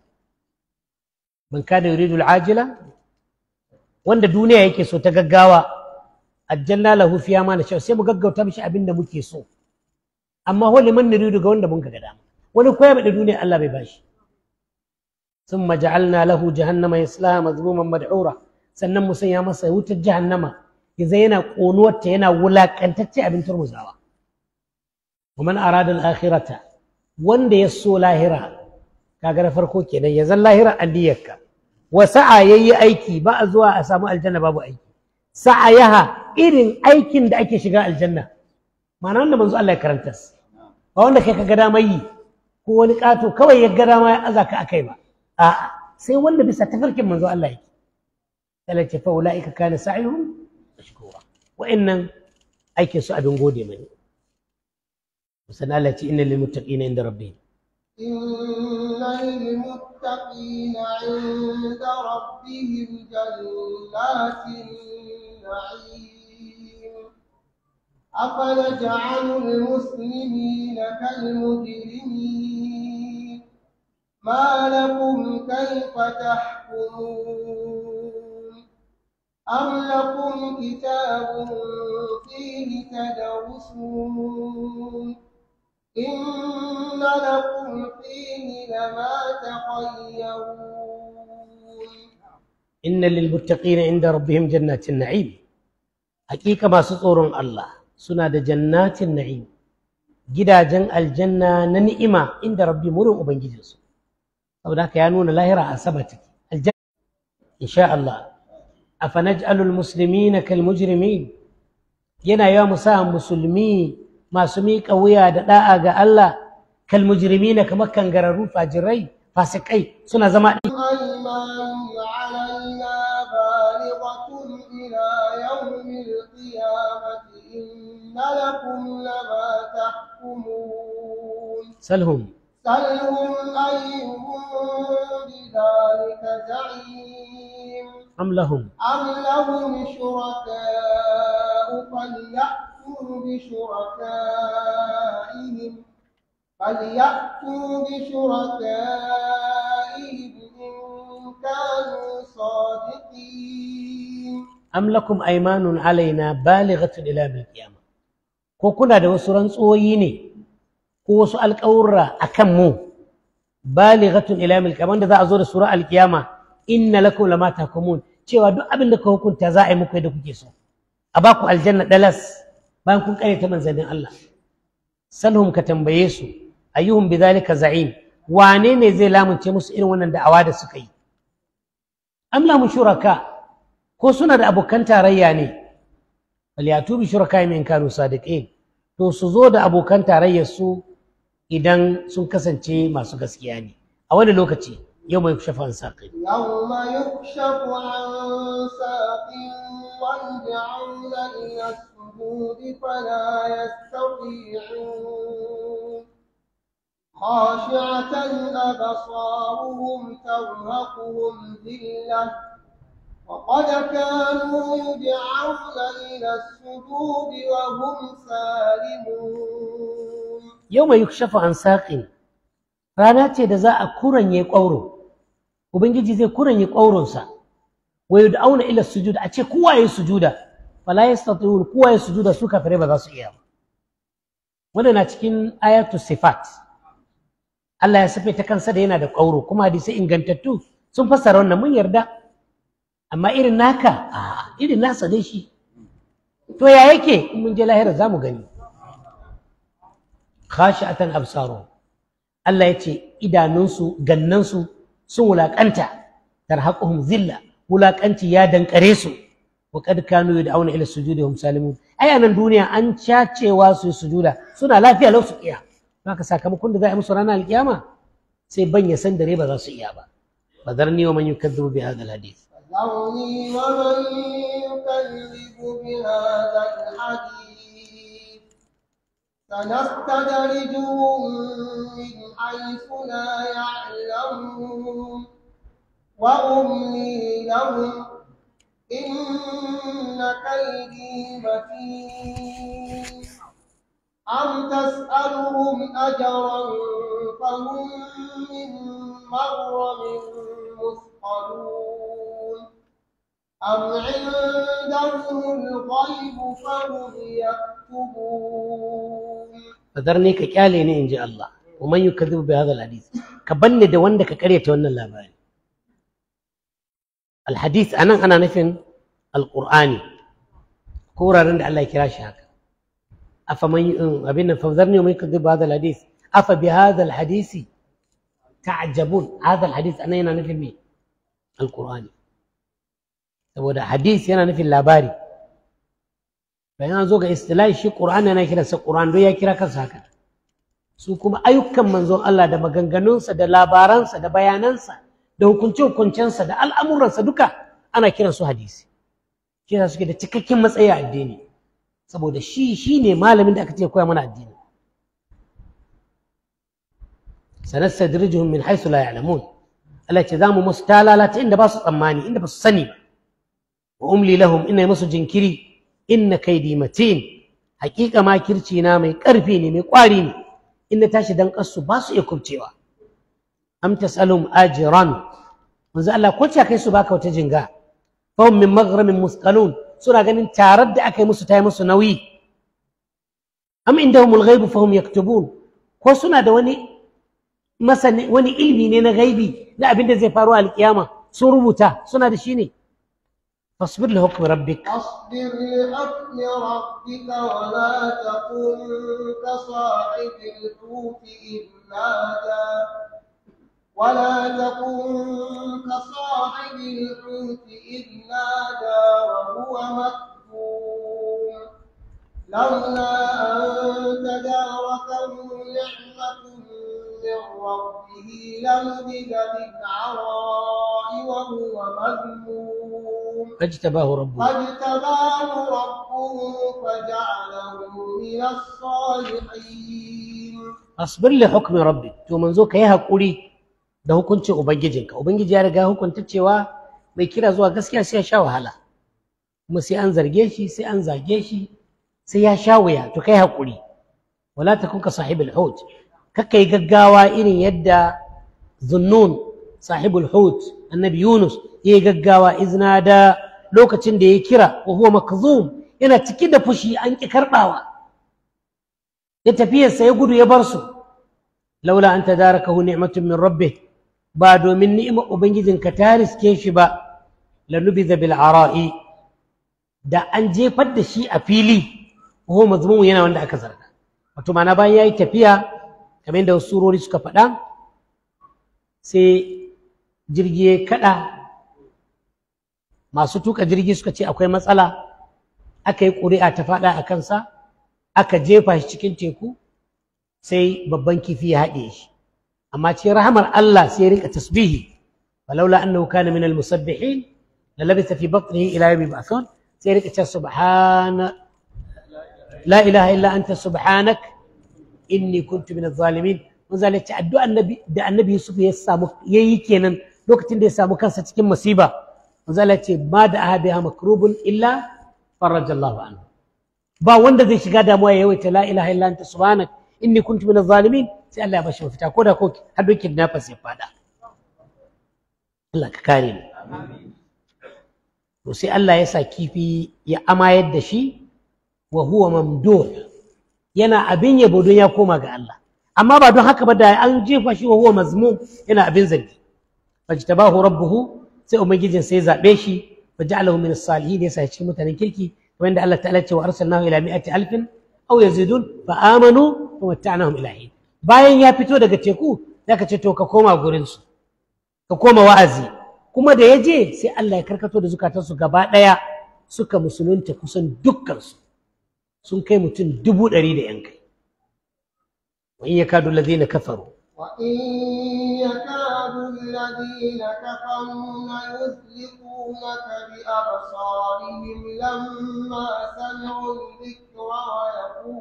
من كان يريد العاجلة وند الدنيا هيك سو تغغاوا الجنة له في ما نشاء سي مغغاو تمشي أبين ده muke سو اما هو لمن نريد ga wanda mun ga dama wani koya mai duniya ثم جعلنا له جهنم يصلاها مذموما مدحورا sannan mu sanya masa wutar jahannama ya zai yana ƙonuwarta yana wulaƙantacce abin turmuzawa ومن أراد الآخرة wanda ya so lahira kaga na farko kenan ya zan lahira alliyarka wa sa'a yayi aiki ba a zuwa a samu aljanna babu aiki sa'a yaha irin aikin da ake shiga aljanna ma'ana wanda manzo Allah ya karanta ba wanda kai ka ga damar yi ko wani kato kawai ya ga dama ya aza ka akai ba a'a sai wanda bisa tafarkin manzo Allah yake التي فاولئك كان سعيهم مشكورا وان ايك سؤال بن غودي من وسنا التي ان للمتقين عند ربهم ان للمتقين عند ربهم جنات النعيم افنجعل المسلمين كالمجرمين ما لكم كيف تحكمون أم لكم كتاب فيه تدرسون إن لكم فيه لما تخيرون إن للمتقين عند ربهم جنات النعيم حقيقة ما سطور الله سنة جنات النعيم gidajen aljanna na ni'ima inda rabbi murin ubangijinsu saboda haka ya nuna lahira a saba aljanna insha Allah أفنجعل المسلمين كالمجرمين ينا يا موسى مسلمي ما سميك أويا دا أجا الله كالمجرمين كما كان جرارو فاجري أي سنة زمان أيمان على بالغة إلى يوم القيامة إن لكم لما تحكمون سلهم سلهم أيهم بذلك زعيم أم لهم أم لهم شركاء فليأتوا بشركائهم فليأتوا بشركائهم إن كانوا صادقين أم لكم أيمان علينا بالغة إلى القيامة كوكونا دو سوران سويني كوسو القورة أكمو بالغة إلى ملكة من ذا أزور سورة القيامة inna lakum lama tahkumun cewa duk abin da ka hukunta za a yi muku yadda kuke so a baku aljanna dalas bayan kun kare ta manzannin Allah salhum ka tambaye su ayyuhum bidhalika za'im wane ne zai lamunce musu irin wannan da'awa da suka yi am lahum shuraka ko suna da abokan tarayya ne falyatu bi shuraka min kanu sadiqin to su zo da abokan tarayyar su idan sun kasance masu gaskiya ne a wani lokaci يوم يكشف عن ساق يوم يكشف عن ساق ويجعل إلى السجود فلا يستطيعون خاشعة أبصارهم ترهقهم ذلة وقد كانوا يدعون إلى السجود وهم سالمون يوم يكشف عن ساق فانا ce da za a ubangiji zai kuranyi ƙaurinsa da auna ila sujuda. a ce kowa yayi sujuda fala kuwa kowa yi sujuda su kafare ba za su iya ba wannan na cikin ayatu sifat Allah ya safe ta kansa da yana da ƙauro kuma sai ingantattu sun fasa wannan mun yarda amma irin naka a irin nasa dai shi to ya yake in mun je lahira za mu gani khashi'atan absaru Allah ya ce idanunsu gannansu sun wulaƙanta tarhaquhum zilla wulaƙanci ya dankare su wa kad kanu yad'una ila sujudi hum salimun ai anan duniya an cacewa su sujuda suna lafiya lau su iya haka sakamakon da za a yi musu ranar alkiyama sai ban ya san dare ba za su iya ba فذرني ومن يكذب بهذا الحديث ذرني ومن يكذب بهذا الحديث سنستدرجهم من حيث لا يعلمون وأملي لهم إن كيدي متين أم تسألهم أجرا فهم من مغرم مثقلون أم عندهم الغيب فهم يكتبون فذرني كقالي إن انجي الله ومن يكذب بهذا الحديث كبني ده وند كقريت wannan labari الحديث انا انا نفين القراني كورا رند على يكرا شي هكا اف من ابينا فذرني ومن يكذب بهذا الحديث أفا بهذا الحديث تعجبون هذا الحديث انا هنا نفي القراني هو ده حديث هنا نفي اللاباري bayan an zo ga istilahi shi Qur'an yana kiransa Qur'an don ya kira kansa haka su kuma ayyukan manzon Allah da maganganunsa da labaransa da bayanansa da hukunce-hukuncensa da al'amuransa duka ana kiran su hadisi kira suke da cikakken matsayi a addini saboda shi shi ne malamin da aka ce koya mana addini sanastadrijuhum min haythu la ya'lamun Allah ce zamu musu talala ta inda ba su tsammani inda ba su sani ba wa umli lahum ina musu jinkiri inna kaidi matin haƙiƙa makirci na mai karfi ne mai ƙwari ne in na tashi dan kasu ba su iya kubcewa am tasalum ajran manzo Allah ko ta kai su baka wata jinga fa min maghramin suna ganin tarar da aka yi musu ta yi musu nauyi am indahumul ghaibu fa hum yaktubun ko suna da wani masani wani ilmi ne na gaibi na abin da zai faru a alkiyama sun rubuta suna da shi ne فاصبر لحكم ربك اصبر لحكم ربك ولا تكن كصاحب الحوت إذ نادى ولا تكن كصاحب الحوت إذ نادى وهو مكتوم لولا أن تداركه نعمة من ربه لمدد للعراء وهو مذموم فاجتباه ربه فاجتباه ربه فجعله من الصالحين اصبر لحكم ربك تو منزو كاي حقوري da hukuncin ubangijinka ubangiji ya riga hukunta cewa mai kira zuwa gaskiya sai ya sha wahala kuma sai an zarge shi sai an zage shi sai ya sha wuya to kai haƙuri wala takun ka sahibul hut kakkai gaggawa irin yadda zunnun sahibul hut annabi yunus ya yi gaggawa izina da lokacin da ya kira wa huwa makzum yana ciki da fushi an ƙi karɓawa ya sa ya gudu ya bar su laula an tadarakahu ni'matun min rabbih ba domin ni'imar ubangijin ta riske shi ba lanubiza bil ara'i da an jefar da shi a fili ko mazmumu yana wanda aka zarga wato ma'ana bayan yi tafiya kamar yadda surori suka faɗa sai jirgi ya kaɗa masu tuka jirgi suka ce akwai matsala aka yi ƙuri'a ta faɗa a kansa aka jefa shi cikin teku sai babban kifi ya haɗe shi amma cikin rahamar Allah sai ya rika tasbihi walaula annahu kana minal musabbihin la labisa fi batnihi ila yawmi ba'thun sai ya rika cewa subhana la ilaha illa anta subhanak inni kuntu minaz zalimin manzala ce addu'a annabi da annabi Yusuf ya samu yayi kenan lokacin da ya samu kansa cikin masiba manzala ce ma da ahabiha makrubun illa farajallahu anhu ba wanda zai shiga damuwa ya yawaita la ilaha illa anta subhanak inni kuntu minaz zalimin sai Allah ya bashi mafita ko da ko har dokin nafas ya fada Allah ka kare mu to sai Allah ya sa kifi ya amayar da shi wa huwa yana abin yabo don ya koma ga Allah amma ba don haka ba da an jefa shi wa huwa mazmum yana abin zargi fajtabahu rabbuhu sai ubangijin sai zabe shi faj'alahu min as-salihin yasa shi mutanen kirki kamar da Allah ta'ala ce wa arsalnahu ila mi'ati alfin aw yazidun fa amanu wa mata'nahum ila hin bayan ya fito daga teku zaka ce to ka koma gurin su ka koma wa'azi kuma da ya je sai Allah ya karkato da zukatansu gaba daya suka musulunta kusan dukkansu sun kai mutum dubu ɗari da yan kai wa in yakadu allazina kafaru wa in yakadu allazina kafaru la bi absarihim lamma sami'u dhikra wa yaqulun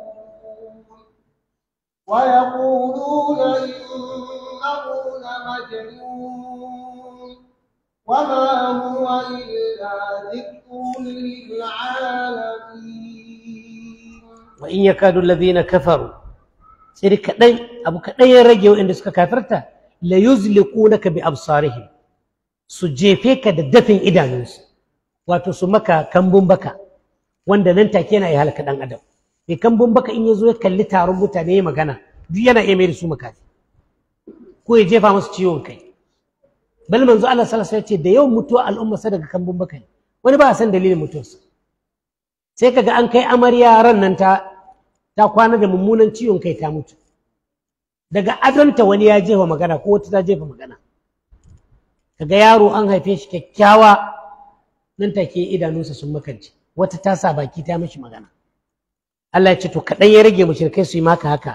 ويقولون إنه لمجنون وما هو إلا ذكر للعالمين wa in yakadu alladhina kafaru sai dai kaɗan abu kaɗan ya rage waɗanda suka kafirta la ka bi absarihim su jefe ka da dafin idanunsu wato su maka kambun baka wanda nan take yana iya hala kaɗan adam mai kambun baka in ya zo ya kalli taron mutane ya magana duk ya iya mai da su ko ya jefa masu ciwon kai bal manzo Allah sallallahu ya ce da yawan mutuwa al'umma sa daga kambun baka ne wani ba a san dalilin mutuwarsa sai kaga an kai amarya ran nan ta ta kwana da mummunan ciwon kai ta mutu daga adonta wani ya jefa magana ko wata ta jefa magana kaga yaro an haife shi kyakkyawa nan take idanunsa sun makance wata ta sa baki ta mishi magana Allah ya ce to kaɗan ya rage mushrikai su yi maka haka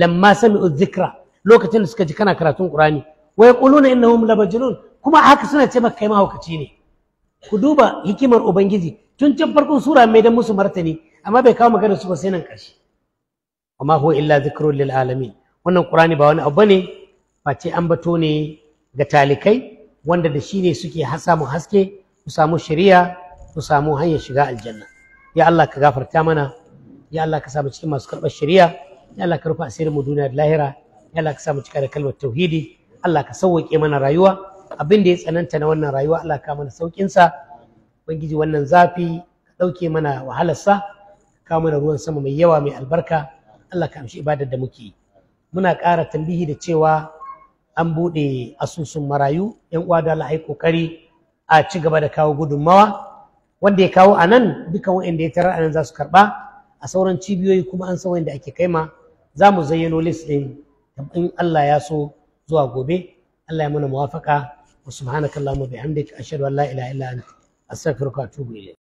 lamma sami'u uzikra. lokacin da suka ji kana karatun Qur'ani wa yaquluna innahum labajnun kuma haka suna ce maka kai mahaukaci ne ku duba hikimar ubangiji tun can farko sura mai da musu martani amma bai kawo magana su ba sai nan ƙarshe amma huwa illa zikrun lil alamin wannan qur'ani ba wani abu ne face bato ne ga talikai wanda da shi ne suke samun haske su samu shari'a su samu hanyar shiga aljanna ya Allah ka gafarta mana ya Allah ka samu cikin masu karɓar shari'a ya Allah ka rufe asirin mu duniya da lahira ya Allah ka samu cika da kalmar tauhidi Allah ka sauwaƙe mana rayuwa abin da ya tsananta na wannan rayuwa Allah ka mana saukin sa ubangiji wannan zafi ka ɗauke mana wahalarsa ka mana ruwan sama mai yawa mai albarka Allah ka amshi ibadar da muke muna ƙara tambihi da cewa an buɗe asusun marayu yan uwa da Allah kokari a ci gaba da kawo gudunmawa wanda ya kawo a nan duka wa'anda ya tarar a za su karɓa a sauran cibiyoyi kuma an san wanda ake kaima za mu zayyano list din. in Allah ya so zuwa gobe Allah ya mana muwafaka wa subhanakallahumma bihamdika ashhadu an la ilaha illa anta अस्तखरुका चुग लीजिए